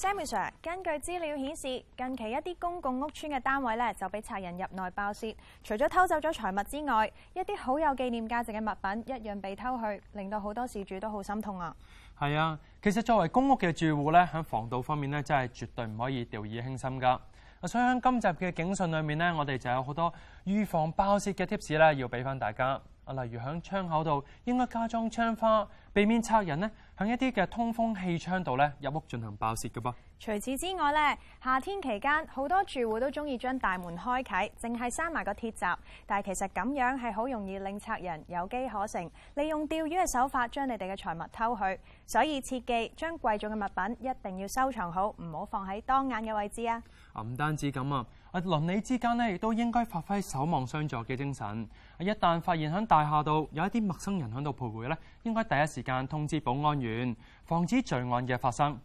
Samuel Sir, 根據資料顯示，近期一啲公共屋邨嘅單位咧就俾賊人入內爆竊，除咗偷走咗財物之外，一啲好有紀念價值嘅物品一樣被偷去，令到好多事主都好心痛啊！係啊，其實作為公屋嘅住戶咧，喺防盜方面咧，真係絕對唔可以掉以輕心噶。我所以喺今集嘅警訊裏面呢，我哋就有好多預防爆竊嘅 tips 咧，要俾翻大家。例如喺窗口度應該加裝窗花，避免賊人呢喺一啲嘅通風氣窗度咧入屋進行爆竊嘅噃。除此之外咧，夏天期間好多住戶都中意將大門開啟，淨係閂埋個鐵閘，但係其實咁樣係好容易令賊人有機可乘，利用釣魚嘅手法將你哋嘅財物偷去。所以切記，將貴重嘅物品一定要收藏好，唔好放喺當眼嘅位置啊！啊，唔單止咁啊，鄰里之間咧亦都應該發揮守望相助嘅精神。一旦發現喺大廈度有一啲陌生人喺度徘徊咧，應該第一時間通知保安員，防止罪案嘅發生。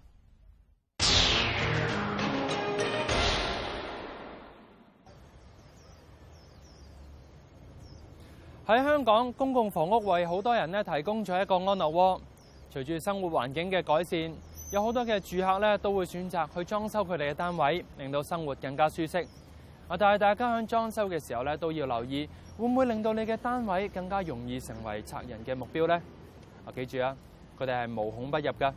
喺香港，公共房屋為好多人咧提供咗一個安樂窩。隨住生活環境嘅改善，有好多嘅住客咧都會選擇去裝修佢哋嘅單位，令到生活更加舒適。啊！但係大家喺裝修嘅時候咧，都要留意會唔會令到你嘅單位更加容易成為賊人嘅目標咧？啊！記住啊，佢哋係無孔不入噶。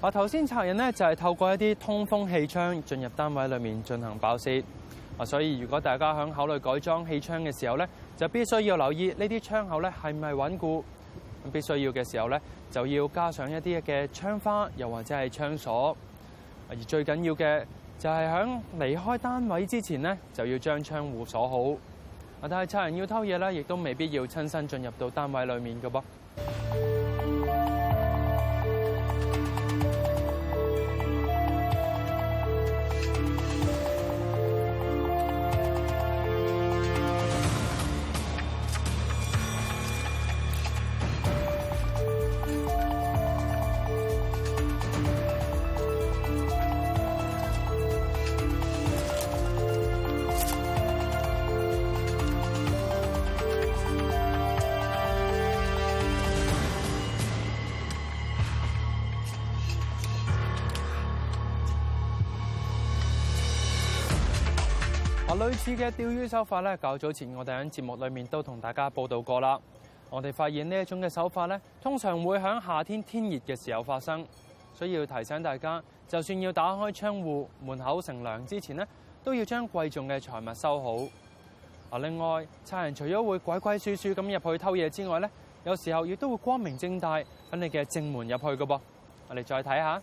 嗱，頭先賊人呢，就係透過一啲通風氣窗進入單位裏面進行爆竊，啊，所以如果大家響考慮改裝氣窗嘅時候咧，就必須要留意呢啲窗口咧係咪穩固，必須要嘅時候咧就要加上一啲嘅窗花，又或者係窗鎖，而最緊要嘅就係響離開單位之前呢，就要將窗戶鎖好。啊，但係賊人要偷嘢咧，亦都未必要親身進入到單位裏面㗎噃。類似嘅釣魚手法咧，較早前我哋喺節目裏面都同大家報道過啦。我哋發現呢一種嘅手法咧，通常會響夏天天熱嘅時候發生，所以要提醒大家，就算要打開窗戶，門口乘涼之前呢，都要將貴重嘅財物收好。啊，另外，賊人除咗會鬼鬼祟祟咁入去偷嘢之外咧，有時候亦都會光明正大喺你嘅正門入去㗎噃。我哋再睇下。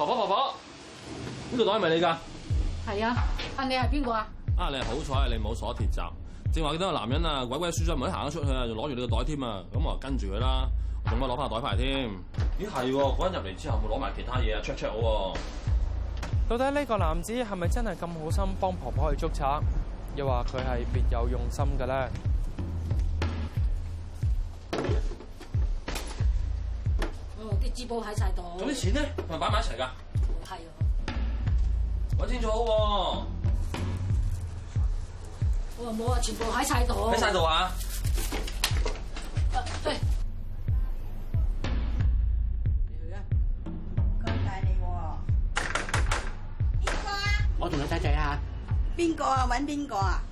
婆婆婆婆，呢個袋係咪你噶？係啊，啊你係邊個啊？啊你好彩啊，你冇鎖鐵閘，正話見到個男人啊，鬼鬼輸咗唔肯行咗出去啊，就攞住你個袋添啊，咁我跟住佢啦，仲乜攞翻個袋牌添？咦係，嗰人入嚟之後冇攞埋其他嘢啊，check check 到底呢個男子係咪真係咁好心幫婆婆去捉賊，又話佢係別有用心嘅咧？全部喺晒度，咁啲錢呢？係咪擺埋一齊噶？係啊，我清楚喎。我話冇啊，全部喺晒度。喺晒度啊！對、哎，你去謝謝帶你啊？咁大你喎？邊個啊？我同你仔仔啊。邊個啊？搵邊個啊？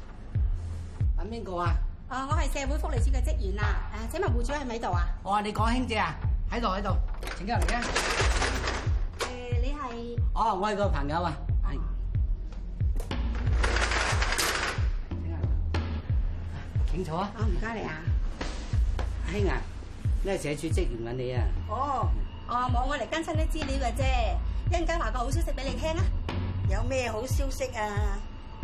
搵邊個啊？啊、哦，我係社會福利署嘅職員啊。誒，請問戶主喺咪度啊？我話，你講兄姐啊？喺度喺度，請入嚟嘅。誒，你係？哦，我係個朋友啊。係，請坐啊。唔該你啊，阿兄啊，咩社署職員揾你啊？哦，我冇我嚟更新啲資料嘅啫。一陣間話個好消息俾你聽啊！有咩好消息啊？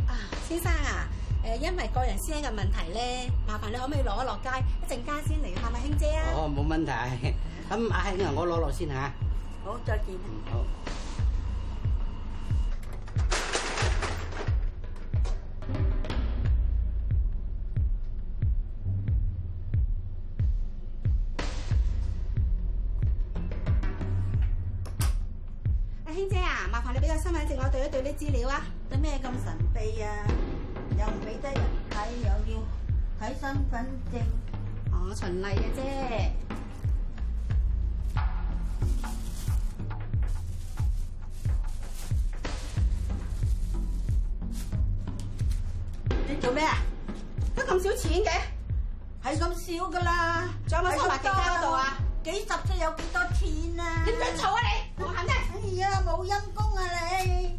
啊，先生啊，誒，因為個人私隱嘅問題咧，麻煩你可唔可以落一落街一陣間先嚟探下兄姐啊？哦，冇問題。咁阿兄啊，的我攞落先吓。好，再見。嗯，好。阿兄、啊、姐啊，麻煩你俾個身份證我對一對啲資料啊。做咩咁神秘啊？又唔俾得人睇，又要睇身份證。啊、我循例嘅啫。少錢嘅，係咁少噶啦。仲有冇收埋其他嗰度啊？幾十隻有幾多錢啊？你唔準嘈啊你！我喊咩？哎呀，冇陰功啊你！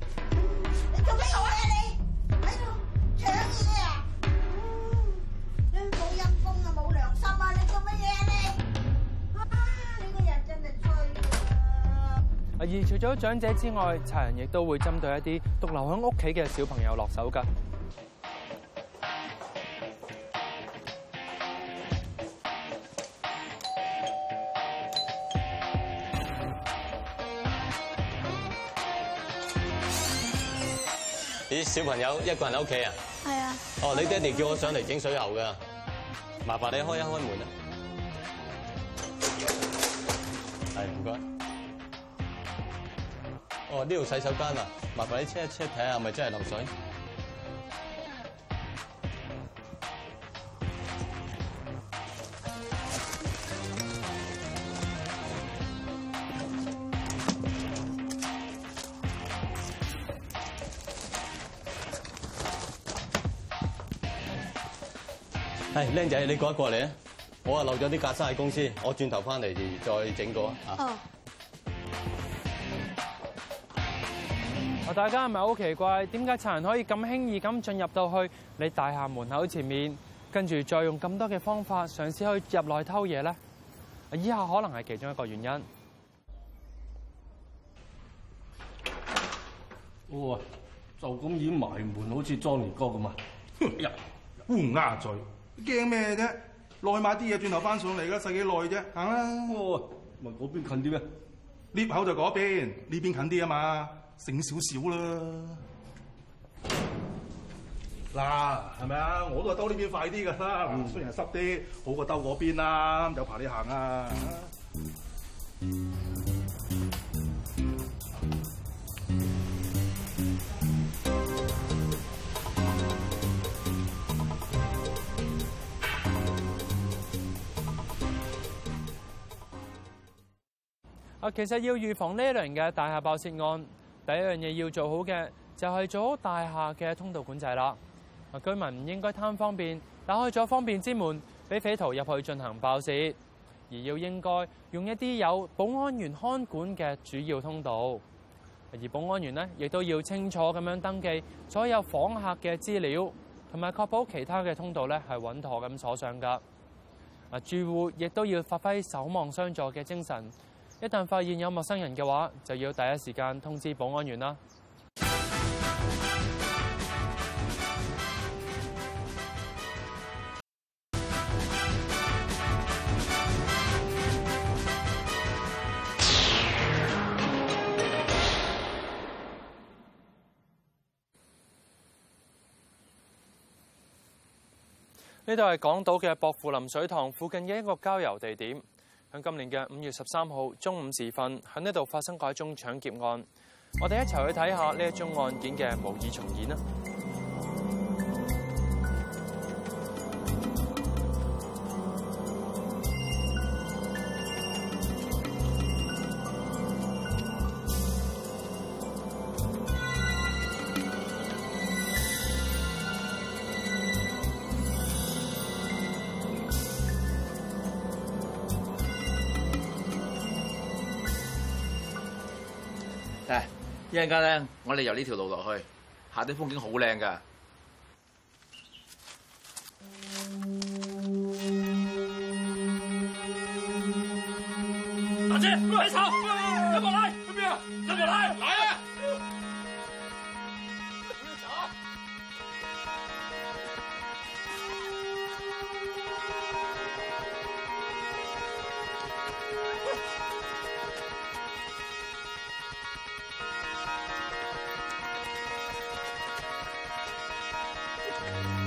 你做咩我啊你？哎呀，搶嘢啊！冇陰功啊，冇良心啊！你做乜嘢啊你？啊媽，呢個人真係衰啊！而除咗長者之外，賊人亦都會針對一啲獨留喺屋企嘅小朋友落手噶。小朋友一個人喺屋企啊！係啊！哦，你爹地叫我上嚟整水喉㗎，麻煩你開一開門啦。係唔該。哦，呢度洗手間啊，麻煩你 check 一 check 睇下，係咪真係漏水？靚仔，你過一過嚟啊！我啊漏咗啲架生喺公司，我轉頭翻嚟再整個啊！啊、哦！大家係咪好奇怪？點解賊人可以咁輕易咁進入到去你大廈門口前面，跟住再用咁多嘅方法嘗試去入內偷嘢咧？以下可能係其中一個原因。哇、哦！就咁掩埋門，好似莊連哥咁、 嗯、啊！哼呀，烏鴉嘴！驚咩啫？落去買啲嘢，轉頭翻上嚟，㗎，使幾耐啫？行啦，哦，唔係嗰邊近啲咩？呢口就嗰邊，呢邊近啲啊嘛，省少少啦。嗱，係 咪啊？我都係兜呢邊快啲㗎啦。雖然係濕啲，好過兜嗰邊啦，有排你行啊。 其實要預防呢一輪嘅大廈爆竊案，第一樣嘢要做好嘅就係做好大廈嘅通道管制啦。居民唔應該貪方便打開咗方便之門，俾匪徒入去進行爆竊，而要應該用一啲有保安員看管嘅主要通道。而保安員呢，亦都要清楚咁樣登記所有訪客嘅資料，同埋確保其他嘅通道呢係穩妥咁鎖上噶。住戶亦都要發揮守望相助嘅精神。一旦發現有陌生人嘅話，就要第一時間通知保安員啦。呢度係港島嘅薄扶林水塘附近嘅一個郊遊地點。喺今年嘅五月十三號中午時分，喺呢度發生過一宗搶劫案。我哋一齊去睇下呢一宗案件嘅模擬重演啦。一陣間咧，我哋由呢條路落去，下啲風景好靚㗎。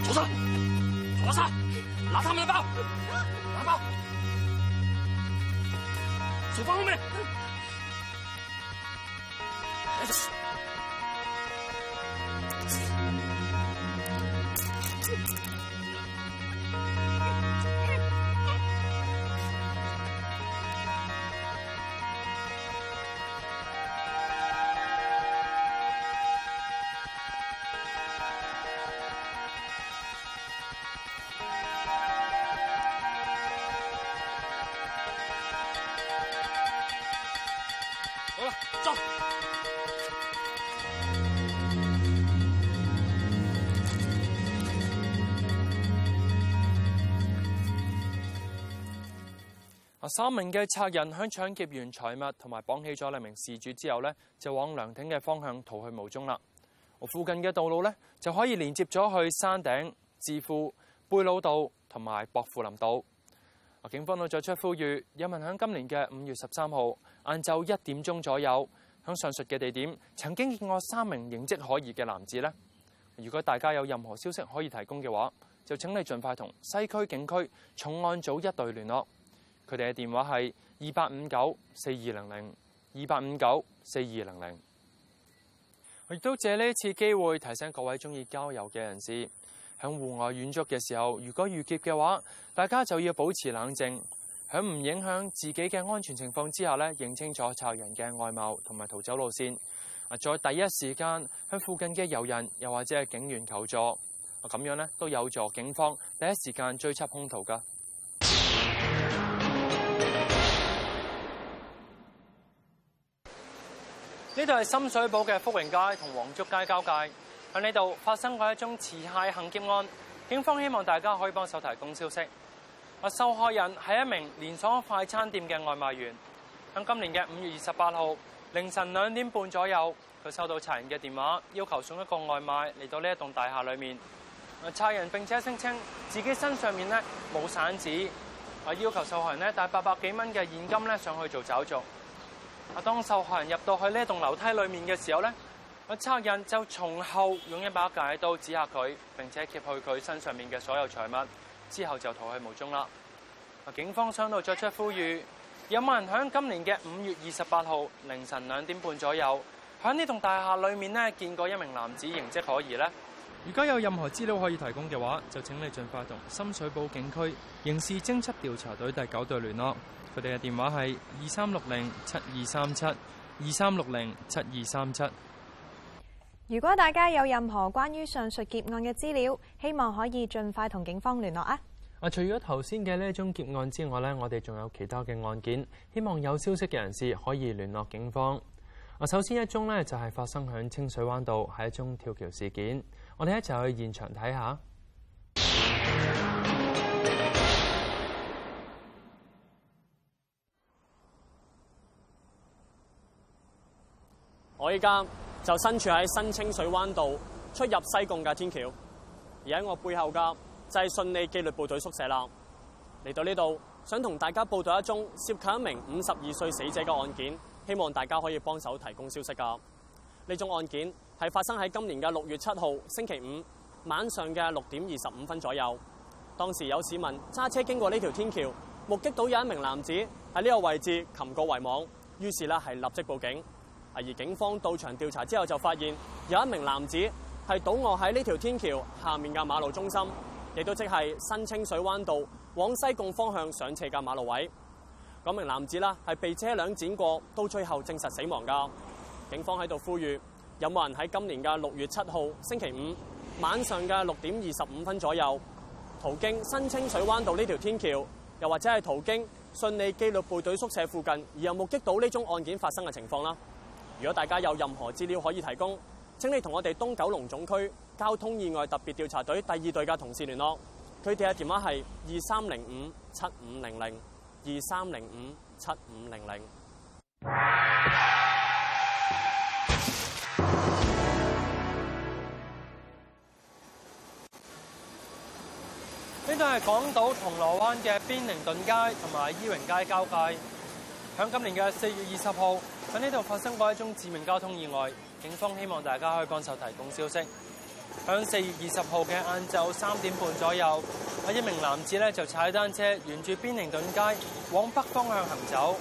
住手！住手！拿他們的包，拿包，手放後面。三名嘅賊人響搶劫完財物，同埋綁起咗兩名事主之後呢，就往涼亭嘅方向逃去無蹤啦。我附近嘅道路呢，就可以連接咗去山頂、置富、貝璐道同埋薄扶林道。警方都作出呼籲，有民響今年嘅五月十三號晏晝一點鐘左右，響上述嘅地點曾經見過三名形跡可疑嘅男子呢。如果大家有任何消息可以提供嘅話，就請你盡快同西區警區重案組一隊聯絡。佢哋嘅電話係二八五九四二零零，二八五九四二零零。我亦都借呢一次機會提醒各位中意郊遊嘅人士，響戶外遠足嘅時候，如果遇劫嘅話，大家就要保持冷靜，響唔影響自己嘅安全情況之下咧，認清楚賊人嘅外貌同埋逃走路線。啊，在第一時間向附近嘅遊人又或者係警員求助，啊咁樣咧都有助警方第一時間追緝兇徒噶。呢度係深水埗嘅福榮街同黃竹街交界，喺呢度發生過一宗持械行劫案，警方希望大家可以幫手提供消息。啊，受害人係一名連鎖快餐店嘅外賣員，喺今年嘅五月二十八號凌晨兩點半左右，佢收到賊人嘅電話，要求送一個外賣嚟到呢一棟大廈裏面。啊，賊人並且聲稱自己身上面咧冇散紙，啊要求受害人帶八百幾蚊嘅現金上去做找續。當受害人入到去呢棟樓梯裏面嘅時候，呢個賊人就從後用一把戒刀指嚇佢，並且劫去佢身上面嘅所有財物，之後就逃去無蹤啦。警方相度作出呼籲，有冇人響今年嘅五月二十八號凌晨兩點半左右，響呢棟大廈裏面呢見過一名男子形跡可疑呢？如果有任何資料可以提供嘅話，就請你盡快同深水埗警區刑事偵察調查隊第九隊聯絡。我哋嘅電話係二三六零七二三七二三六零七二三七。7 23 7, 23 7 7如果大家有任何關於上述劫案嘅資料，希望可以盡快同警方聯絡啊！啊，除咗頭先嘅呢一宗劫案之外呢我哋仲有其他嘅案件，希望有消息嘅人士可以聯絡警方。啊，首先一宗呢就係發生喺清水灣道，係一宗跳橋事件。我哋一齊去現場睇下。我依家就身處喺新清水灣道出入西貢嘅天橋，而喺我背後噶就係順利紀律部隊宿舍啦。嚟到呢度，想同大家報道一宗涉及一名五十二歲死者嘅案件，希望大家可以幫手提供消息噶。呢宗案件係發生喺今年嘅六月七號星期五晚上嘅六點二十五分左右。當時有市民揸車經過呢條天橋，目擊到有一名男子喺呢個位置擒過圍網，於是呢，係立即報警。而警方到場調查之後就發現有一名男子係倒臥喺呢條天橋下面嘅馬路中心，亦都即係新清水灣道往西貢方向上斜嘅馬路位。嗰名男子啦係被車輛碾過，到最後證實死亡。噶警方喺度呼籲有冇人喺今年嘅六月七號星期五晚上嘅六點二十五分左右途經新清水灣道呢條天橋，又或者係途經順利紀律部隊宿舍附近，而又目擊到呢宗案件發生嘅情況啦。如果大家有任何資料可以提供，請你同我哋東九龍總區交通意外特別調查隊第二隊嘅同事聯絡。佢哋嘅電話係二三零五七五零零，二三零五七五零零。呢度係港島銅鑼灣嘅邊寧頓街同埋伊榮街交界。響今年嘅四月二十號，喺呢度發生過一宗致命交通意外。警方希望大家可以幫手提供消息。響四月二十號嘅晏晝三點半左右，有一名男子呢就踩單車沿住邊寧頓街往北方向行走。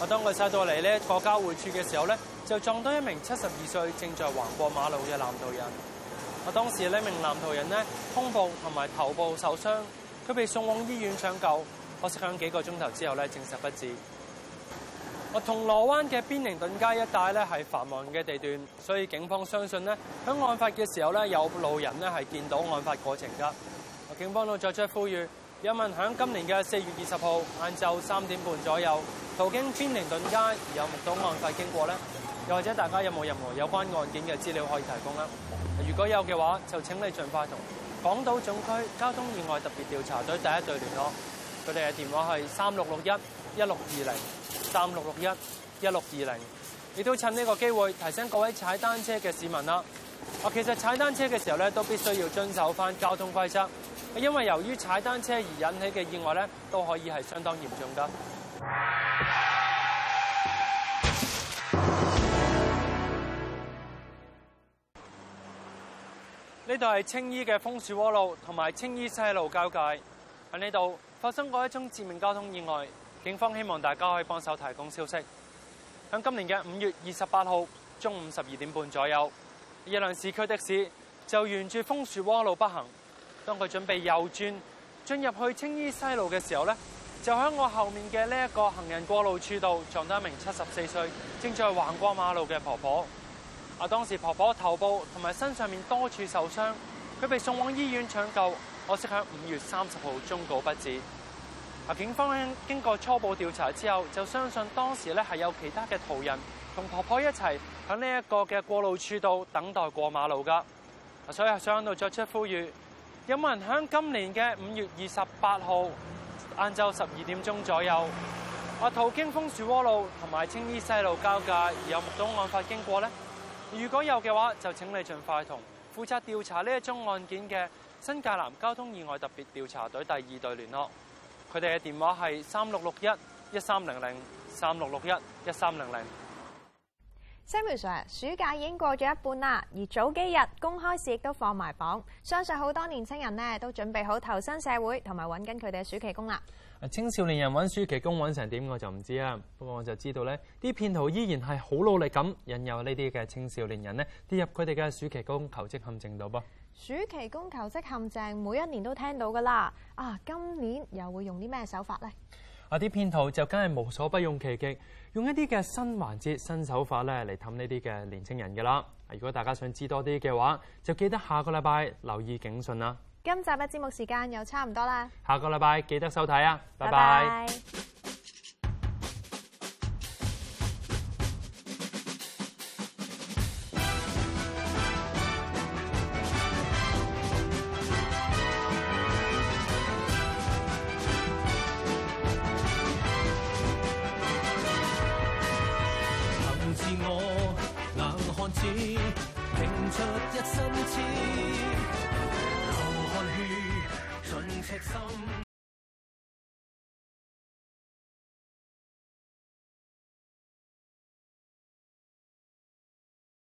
我、啊、當佢踩到嚟呢個交匯處嘅時候呢，就撞到一名七十二歲正在橫過馬路嘅男途人。我、啊、當時呢一名男途人呢，胸部同埋頭部受傷，佢被送往醫院搶救。可惜響幾個鐘頭之後呢，證實不治。銅鑼灣嘅邊寧頓街一帶咧係繁忙嘅地段，所以警方相信呢響案發嘅時候咧，有路人呢係見到案發過程噶。警方都作出呼籲，有問喺今年嘅四月二十號晏晝三點半左右途經邊寧頓街而有目睹案發經過呢？又或者大家有冇任何有關案件嘅資料可以提供啦？如果有嘅話，就請你盡快同港島總區交通意外特別調查隊第一隊聯絡，佢哋嘅電話係三六六一一六二零。三六六一一六二零，亦都趁呢個機會提醒各位踩單車嘅市民啦。啊，其實踩單車嘅時候咧，都必須要遵守翻交通規則，因為由於踩單車而引起嘅意外咧，都可以係相當嚴重噶。呢度係青衣嘅楓樹窩路同埋青衣西路交界，喺呢度發生過一宗致命交通意外。警方希望大家可以幫手提供消息。響今年嘅五月二十八號中午十二點半左右，一輛市區的士就沿住楓樹窩路北行，當佢準備右轉進入去青衣西路嘅時候咧，就喺我後面嘅呢一個行人過路處度撞到一名七十四歲正在橫過馬路嘅婆婆。啊，當時婆婆頭部同埋身上面多處受傷，佢被送往醫院搶救，可惜響五月三十號終告不治。嗱，警方咧經過初步調查之後，就相信當時咧係有其他嘅途人同婆婆一齊喺呢一個嘅過路處度等待過馬路噶。所以想喺度作出呼籲，有冇人喺今年嘅五月二十八號晏晝十二點鐘左右啊，途經楓樹窩路同埋青衣西路交界有目睹案發經過呢？如果有嘅話，就請你盡快同負責調查呢一宗案件嘅新界南交通意外特別調查隊第二隊聯絡。佢哋嘅電話係三六六一一三零零三六六一一三零零。00, Samuel Sir，暑假已經過咗一半啦，而早幾日公開試亦都放埋榜，相信好多年輕人呢都準備好投身社會，同埋揾緊佢哋嘅暑期工啦。青少年人揾暑期工揾成點，我就唔知啦。不過我就知道咧，啲騙徒依然係好努力咁引誘呢啲嘅青少年人咧跌入佢哋嘅暑期工求職陷阱度噃。暑期工求職陷阱每一年都聽到噶啦，啊，今年又會用啲咩手法咧？啊，啲騙徒就梗係無所不用其極，用一啲嘅新環節、新手法咧嚟氹呢啲嘅年青人噶啦，啊。如果大家想知道多啲嘅話，就記得下個禮拜留意警訊啦。今集嘅節目時間又差唔多啦，下個禮拜記得收睇啊！拜拜。拜拜。